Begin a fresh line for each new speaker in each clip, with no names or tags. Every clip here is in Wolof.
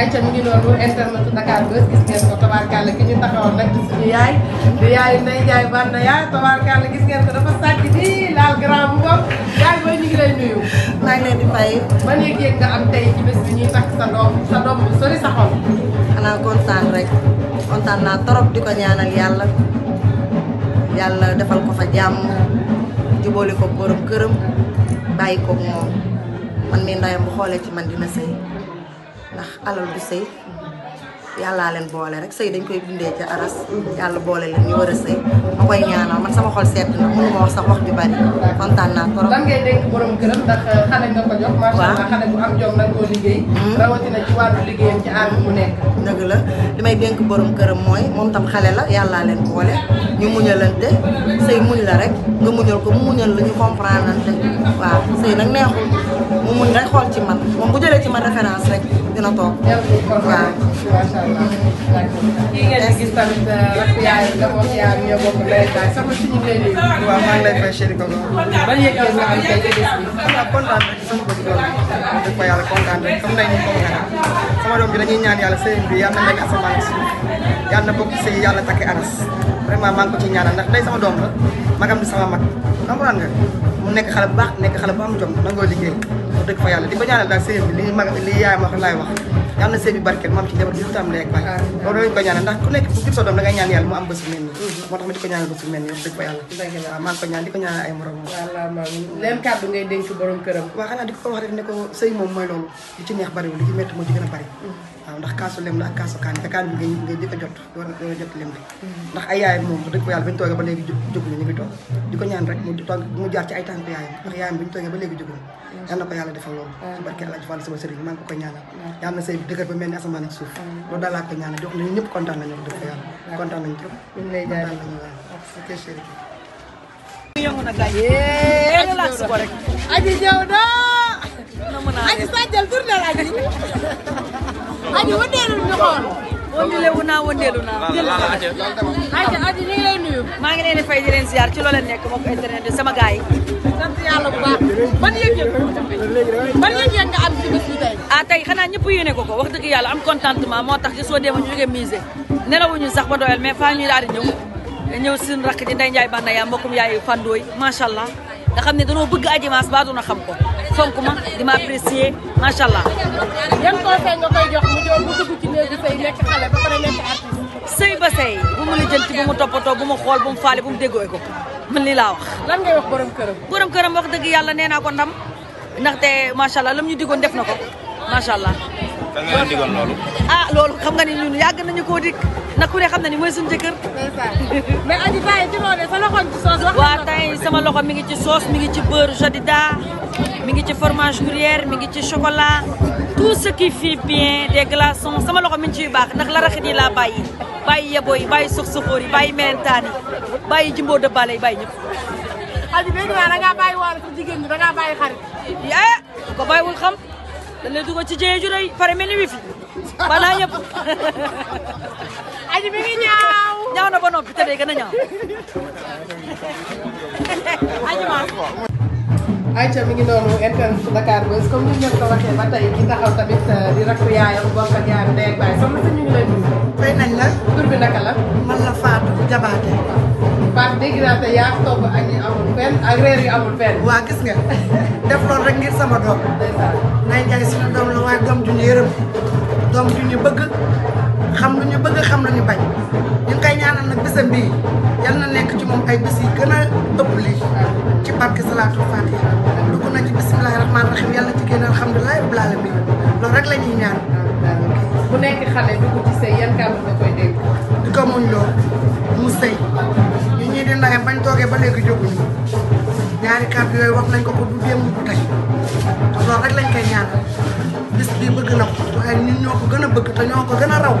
ayca mi ngi noonu internet Dakar Buzz gis ngeen ko tabaarkàlla ki ñu taxawal nag suñu yaay di yaay Ndeye Ndiaye Banda yaay tabaarkàlla gis ngeen ko dafa
sa doom sa sa xol. xanaa kontaan rek kontaan naa trop di ko ñaanal yàlla yàlla defal ko fa jàmm jubóole ko borom këram bàyyi ko moom man mii ndeyam bu xoolee ci man dina sëy. ndax alal du sëy yàllaa leen boole rek sëy dañ koy bindee ca aras yàlla boole leen ñu war a sëy ma koy ñaanal man sama xol sedd ju bari kontaan naa trop. lan nag mu nekk. dëgg la li may dénk borom këram mooy moom tam xale la yàllaa leen boole ñu muñalante sëy muñ la rek nga muñal ko mu muñal la ñu comprendre te waaw sëy nag neexul mu muñ rek xool ci man moom bu jëlee ci man référence rek dina toog. waaw macha
allah. sama suñu lay nuyu. waaw maa ngi lay bi. yàlla
kontaan rek comme ko waxee sama doom bi dañuy ñaan yàlla sëriñ bi yàlla na nekk asamaan ak suuf yàlla na bokk sëy yàlla takki aras vraiment maa ngi ko ciy ñaanal ndax day sama doom la magam di sama mag comprendre nga mu nekk xale bu nekk xale bu am jom nangoo liggéey wax dëgg fa yàlla di ko ñaanal daal sëriñ bi li yaay wax wax yàlla na sëy bi barkeel ci tam lekk waay ndax ku nekk bu gis sa doom da ngay ñaan yàlla mu am bés mel mm-hmm. moo tax ma di ko ñaanal bés bu mel nii wax dëgg fa yàlla waaw ko ñaan di ko ñaanal ay morom leen kàddu ngay dénk borom këram waaw xanaa di ko wax rek ne ko sëy moom mooy loolu li ci neex bariwul li ci métti moo ci gën a bari mm-hmm. waaw ndax kaasu lem la ak kaasu kaan te kaan bi jot jot lem ndax ay yaayam moom dëgg ko yàlla ba ñu toogee ba léegi jóguñu ñu ngi toog di ko ñaan rek mu jaar ci ay tànk yaayam ndax yaayam ñu toogee ba léegi jóguñu na ko yàlla defal loolu ci barke El Hadj Fall sama sëriñ maa ngi ko koy ñaanal yàlla na sëy bi dëgër ba mel trop kontaan nañu waaw
chéri
na gay
relax
aji ñëw na aji sàjjal tournel aji
aji wëndeelul ñu xool. wëndeelu naa wëndeelu naa. aji aji maa ngi leen di fay di ci looleen nekk moom internet bi sama gars yi. sant yàlla bu baax
ban yëg-yëg
am ci bés ah, ñëpp yéene ko ko wax dëgg yàlla am contentement moo tax ci soo demee ñu jógee musée nelawuñu sax ba doyal mais fa ñuy daal di ñëw ñëw suñu rakk di Ndeye Ndiaye Banaya mbokkum yaay Fandooy macha allah nga xam ne danoo bëgg Adji Mass na doon xam ko fonk ma di ma apprécier macha allah. yan conseil nga koy jox mu jox mu dugg ci bu mu lijjanti bu mu toppatoo bu mu xool bu mu faale bu mu déggoo ko man lii laa wax. lan ngay wax borom këram. borom këram wax dëgg yàlla nee naa ko ndam ndaxte macha allah lam ñu def na ko macha allah. kan nga leen digoon loolu. ah loolu xam nga ni ñun yàgg nañu koo dig nag ku ne xam na ni mooy suñu jëkkër. mais ci loolu sa loxo ci soos sama loxo mi ngi ci soos mi ngi ci beurre jadida mi ngi ci fromage gruyère mi ngi ci chocolat tout ce qui fait bien des glaçons sama loxo mi ngi ciy baax ndax la raxit yi laa bàyyi bàyyi yeboo yi bàyyi suuf suxóor yi bàyyi melentaan yi bàyyi jimbo dëbbaale yi bàyyi ñëpp. Aliou dégg naa da ngaa bàyyi wàll ci jigéen ñi da ngaa bàyyi xarit. eh ko bàyyiwul xam dañ lay dugal ci jëye ju rëy pare mel ni wifi balaa ñëpp. Aliou mi ngi ñaaw. ñaaw na ba noppi te day gën a ñaaw.
ayca mi ngi noonu internet ba tey ki taxaw tamit euh, di rakk yaayam bokk ak yaayam ndey ak baay soxna si ñu ngi lay nuyu. fay nañ la. tur bi naka la. man la Fatou Jabaate.
Fatou dégg naa te yaa
togg ak ñu amul doom. ndeysaan Ndeye Ndiaye doom ju ñu yërëm doom ju ñu bëgg xam lu ñu bëgg xam lu ñu bañ ñu ngi koy ñaanal nag bisam bii yal na nekk ci moom ay bis yi a ëpp lii. barke salaatul fatiha dugg na ci bisimilah rahmaani rahiim yàlla ci génn alhamdulilah rabbil alamin loolu rek la ñuy bu nekk xale dugg ci sëy yan kàddu nga koy dégg. di ko muñ loo mu sëy ñu ñii di ndax bañ toogee ba léegi jóguñu ñaari kàddu yooyu wax nañ ko ko du démb bu tey loolu rek lañ koy ñaanal bis bii bëgg na ko waaye ñun ñoo ko gën a bëgg te ñoo ko gën a raw.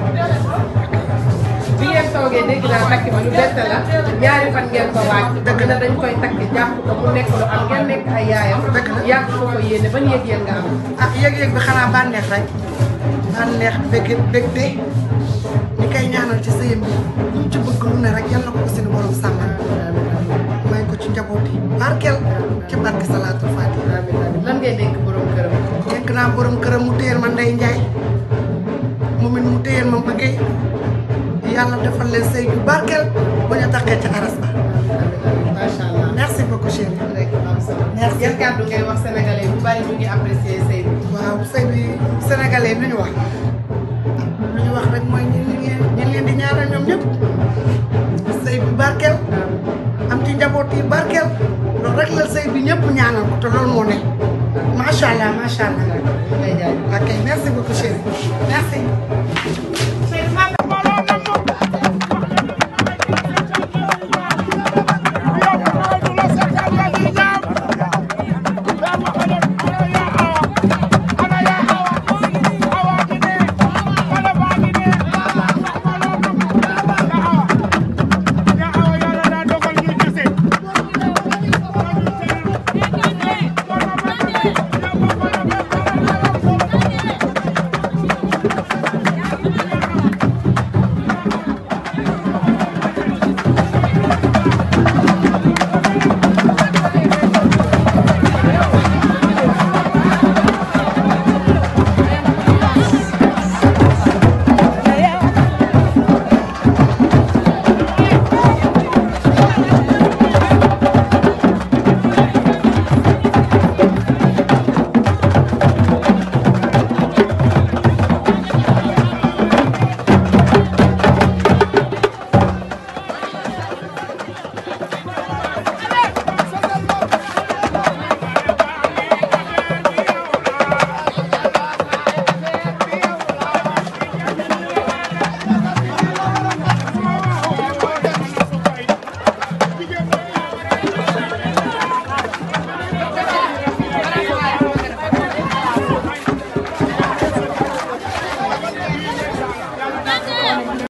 bi ngeen toogee dégg naa takk bi lu bett la ñaari fan ngeen ko waaj. dëgg la dañ koy takk jàpp ko mu nekk lu am ngeen nekk ay yaayam. dëgg la yàgg ko ko yéene ban yëg-yëg nga am. ah yëg-yëg bi xanaa bànneex rek bànneex bëgg bëgte ñi koy ñaanal ci sëyam bi ñu ci bëgg lu ne rek yal na ko ko seen borom sàmmal may ko ci njaboot yi barkeel ci barke salaatul faatiha lan ngay dénk borom këram. dénk naa borom sëy bu barkeel bu ñu takkee ca aras ba. macha allah merci beaucoup chérie. merci yan kàddu ngay wax sénégalais bu bari ñu ngi apprécier sëy bi. waaw sëy bi sénégalais nu ñu wax lu ñu wax rek mooy ñu ngi ñu leen di ñaanal ñoom ñëpp sëy bi barkeel am ci njaboot yi barkeel loolu rek la sëy bi ñëpp ñaanal ko te loolu moo ne macha allah macha allah. ok merci beaucoup chérie merci.